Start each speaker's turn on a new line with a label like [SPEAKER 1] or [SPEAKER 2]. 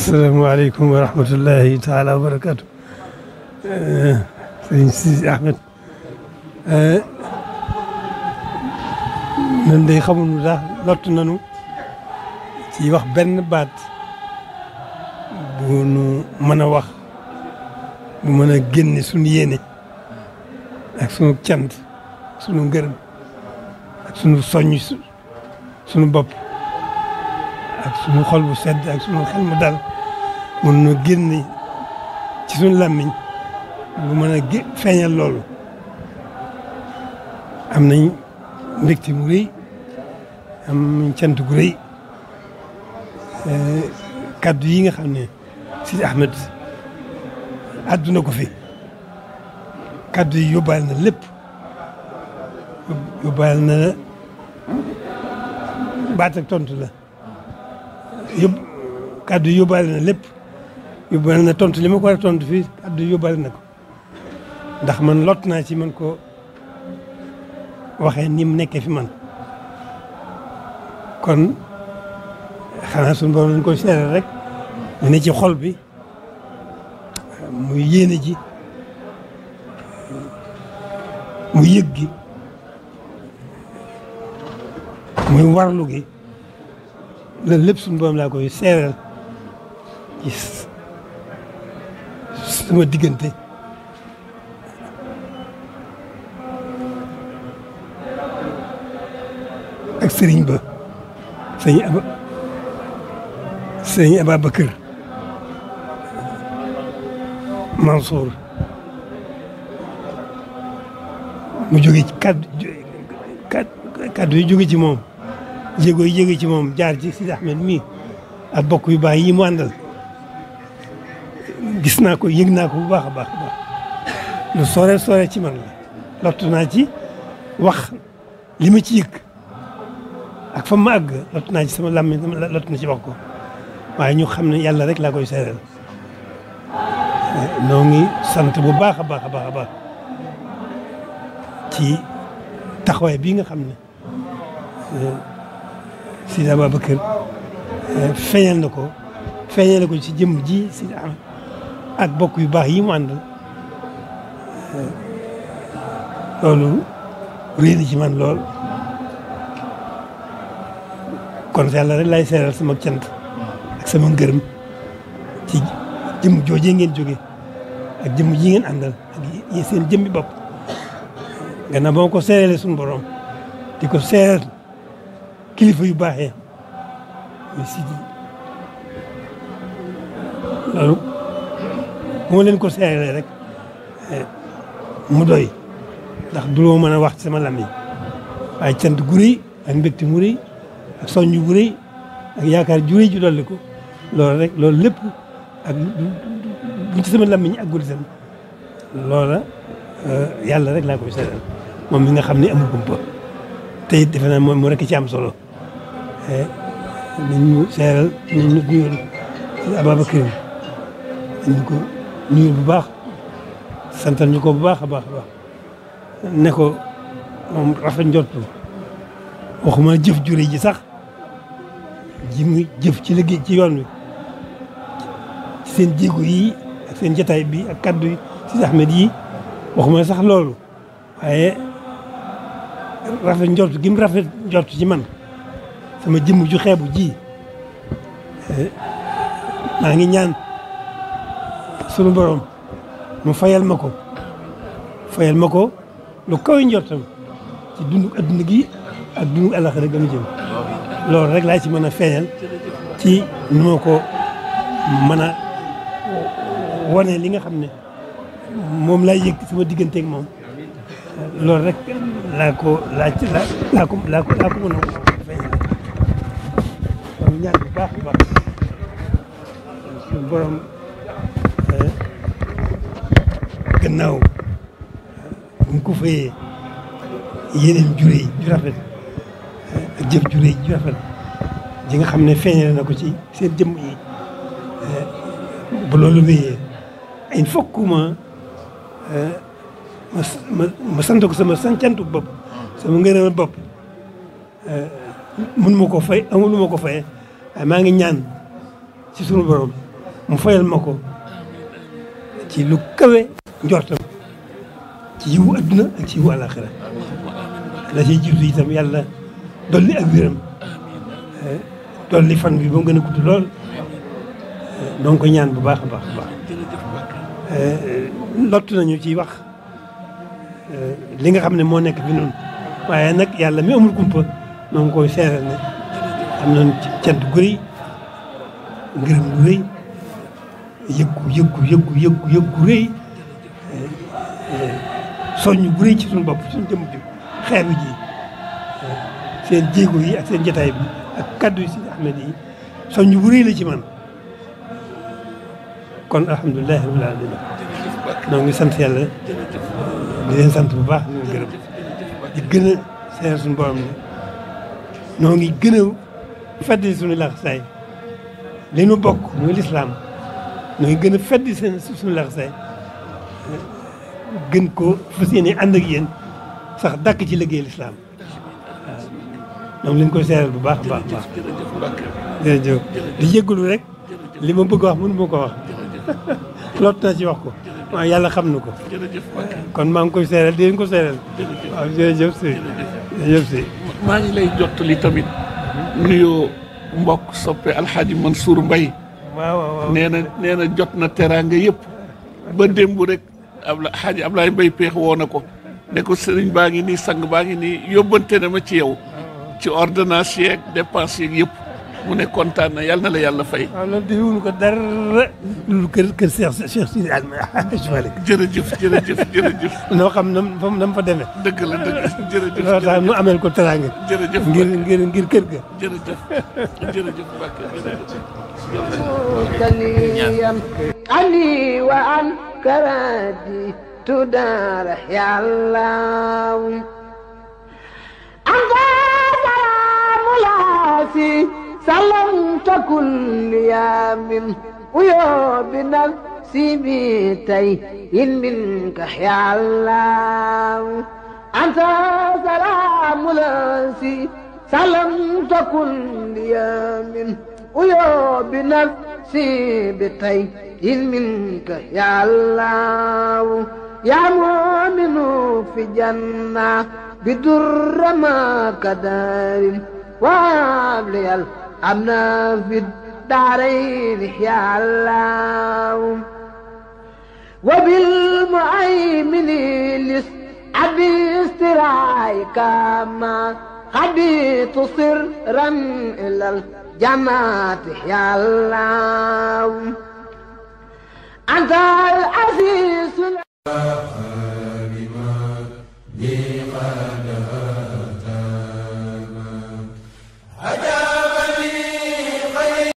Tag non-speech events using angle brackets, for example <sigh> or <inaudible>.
[SPEAKER 1] السلام عليكم ورحمة الله تعالى وبركاته. أه، سيدي أحمد. أه، من دي خمون ولا لط نانو تي وخ بن بات بونو منا وخ بو منا ген سون ييني اك سونو تياند سونو غيرم اك سونو سوني سونو بوب اك سونو خول بو سد اك سونو خيل مو دال mun nu génn ci suñu làmmiñ bu mën a feeñal loolu am nañ mbégte mu rëy am nañ cant gu rëy kaddu yi nga xam ne Sidi Ahmed àdduna ko fi kaddu yi yóbbaale na lépp yóbbaale na baat ak tontu la yób kaddu yi yóbbaale na lépp yóbbaale na tontu li ma ko war a tontu fii addu yóbbaale na ko ndax man lot naa ci man ko waxee ni mu nekkee fi man kon xanaa suñu borom koy seeral rek ñu ci xol bi muy yéene ji mu gi muy gi loolu lépp suñu borom laa koy seeral ci suma diggante ak sëriñ ba sëriñ Aba sëriñ Ababacar mu jóge ci kàddu yi jóge ci moom jéego ci moom jaar ci Sidi Ahmed mii ak bokk yu baax yi mu àndal gis naa ko yëg naa ko bu baax a baax baax lu sooree sooree ci man la lottu naa ci wax li ma ci yëg ak fa ma àgg lottu naa ci sama làmmiñ lottu na ci wax ko waaye ñu xam ne yàlla rek laa koy seereel noo ngi sant bu baax a baax a baax a baax ci taxawaay bii nga xam ne Sidi Ababacar feeñal na ko feeñal na ko ci jëmm ji Sidi Ahmed ak bokk yu baax yi mu àndal loolu réer na ci man lool kon yàlla rek laay seeral sama cant ak sama ngërëm ci jëmm joojee ngeen jóge ak jëmm ji ngeen àndal ak seen jëmmi bopp gannaaw ba ma ko seerale suñu boroom di ko seeral kilifa yu baaxee mais si loolu moo leen ko seeree rek mu doy ndax du loo mën a wax sama làmmiñ waaye cant gu rëy ak mbégte mu rëy ak soññ bu rëy ak yaakaar ju rëy ju dolli ko loolu rek loolu lépp ak buñ ci sama làmmiñ àggul itam loola yàlla rek laa koy seeral moom mi nga xam ne amul kumpa te it defe naa moom rek ci am solo nañ ñu seeral nañ ñu nuyoo Ababacar nañ ko. nuyu bu baax santal ñu ko bu baax a baax a ne ko moom rafet njortu waxuma jëf jure ji sax ji jëf ci liggéey ci yoon wi seen jéego yi ak seen jataay bi ak kaddu yi si Ahmed yi waxuma sax loolu waaye rafet njortu gi rafet njortu ci man sama jëmm ju xeebu ji eh, maa ngi ñaan sunu borom mu fayal ma ko fayal ma ko lu kaw njortam ci dundu adduna gi ak dundu àllaxira gënu jëm loolu rek laa ci mën a feeñal ci nu ma ko mën a wane li nga xam ne moom laa yëg sama digganteeg moom loolu rek laa ko laa ko laa a feeñal kon ñaan bu baax a borom. gannaaw bu ñu ko fayee yeneen jure yi ju rafet rafet ji nga xam ne feeñale na ko ci seen jëmm yi eh, bu loolu wéyee il faut que ma eh, sant ko sama sancantu bopp sama bopp eh, mun ma ko fay amul ma ko fay maa ngi ñaan ci sunu borom mu fayal ma ko ci lu njortam ci yiwu adduna ak ci yiwu àllaaxira la ciy jiitu itam yàlla dolli ak wéram dolli fan bi ba mu gudd lool
[SPEAKER 2] doon ñaan bu baax a baax a
[SPEAKER 1] baax lott nañu ci wax li nga xam ne moo nekk fi noonu waaye nag yàlla mi amul kumpa noo ngi koy seeral ne am cant gu ngërëm gu rëy yëggu yëggu yëggu yëggu yëggu soññ bu rëy ci suñu bopp suñu jëm ji xeeru ji seen jéego yi ak seen jotaay bi ak kaddu yi si Ahmed yi soññ bu rëy la ci man kon alhamdulilah rabbil alamin noo ngi sant yàlla di leen sant bu baax di leen gërëm di gën a seer suñu borom ne noo ngi gën a feddi suñu laxasaay li nu bokk muy lislaam noo ngi gën a feddi seen suñu laxasaay gën ko fas yéene ànd ak yéen sax dàkk ci liggéey lislaam
[SPEAKER 2] waaw ñoom koy seeral bu baax a baax
[SPEAKER 1] baax jërëjëf di yëggalu rek li ma bëgg wax mënu ko wax <laughs> lot naa ci wax ko waaw yàlla xam na ko kon maa ngi koy seeral di leen ko seeral maa ngi lay jottali tamit nuyoo mbokk soppe alxaaji man suur mbay waaw nee na nee jot na teraanga yëpp ba démb rek Abla xaaji Ablaye Mbaye Péex woo na ko ne ko sëriñ baa ngi nii sang baa ngi nii yóbbante na ma ci yow ci ordonnance yeeg dépense yeeg yëpp mu ne kontaan na yàlla na la yàlla fay. waaw loolu defuñu ko dara. loolu kër kër Cheikh Cheikh Sidi Almalik. jërëjëf jërëjëf jërëjëf. noo xam nam fa nam fa demee. dëgg la dëgg jërëjëf. loolu tax nu amel ko teraanga. jërëjëf ngir ngir ngir kër ga. jërëjëf jërëjëf Mbacke jërëjëf. كرادي تدار يا الله أنت سلام ياسي سلمت كل يوم ويا بنفسي بيتي منك يا الله أنت سلام ياسي سلمت كل يوم ويا بنفسي سيبتي إذ منك يا الله يا مؤمن في جنة بدر ما كدار وابلي الأمن في الدارين يا الله وبالمؤمن لس أبي استرايك ما خبيت سرا إلى الأرض جماعتي يا الله أنت العزيز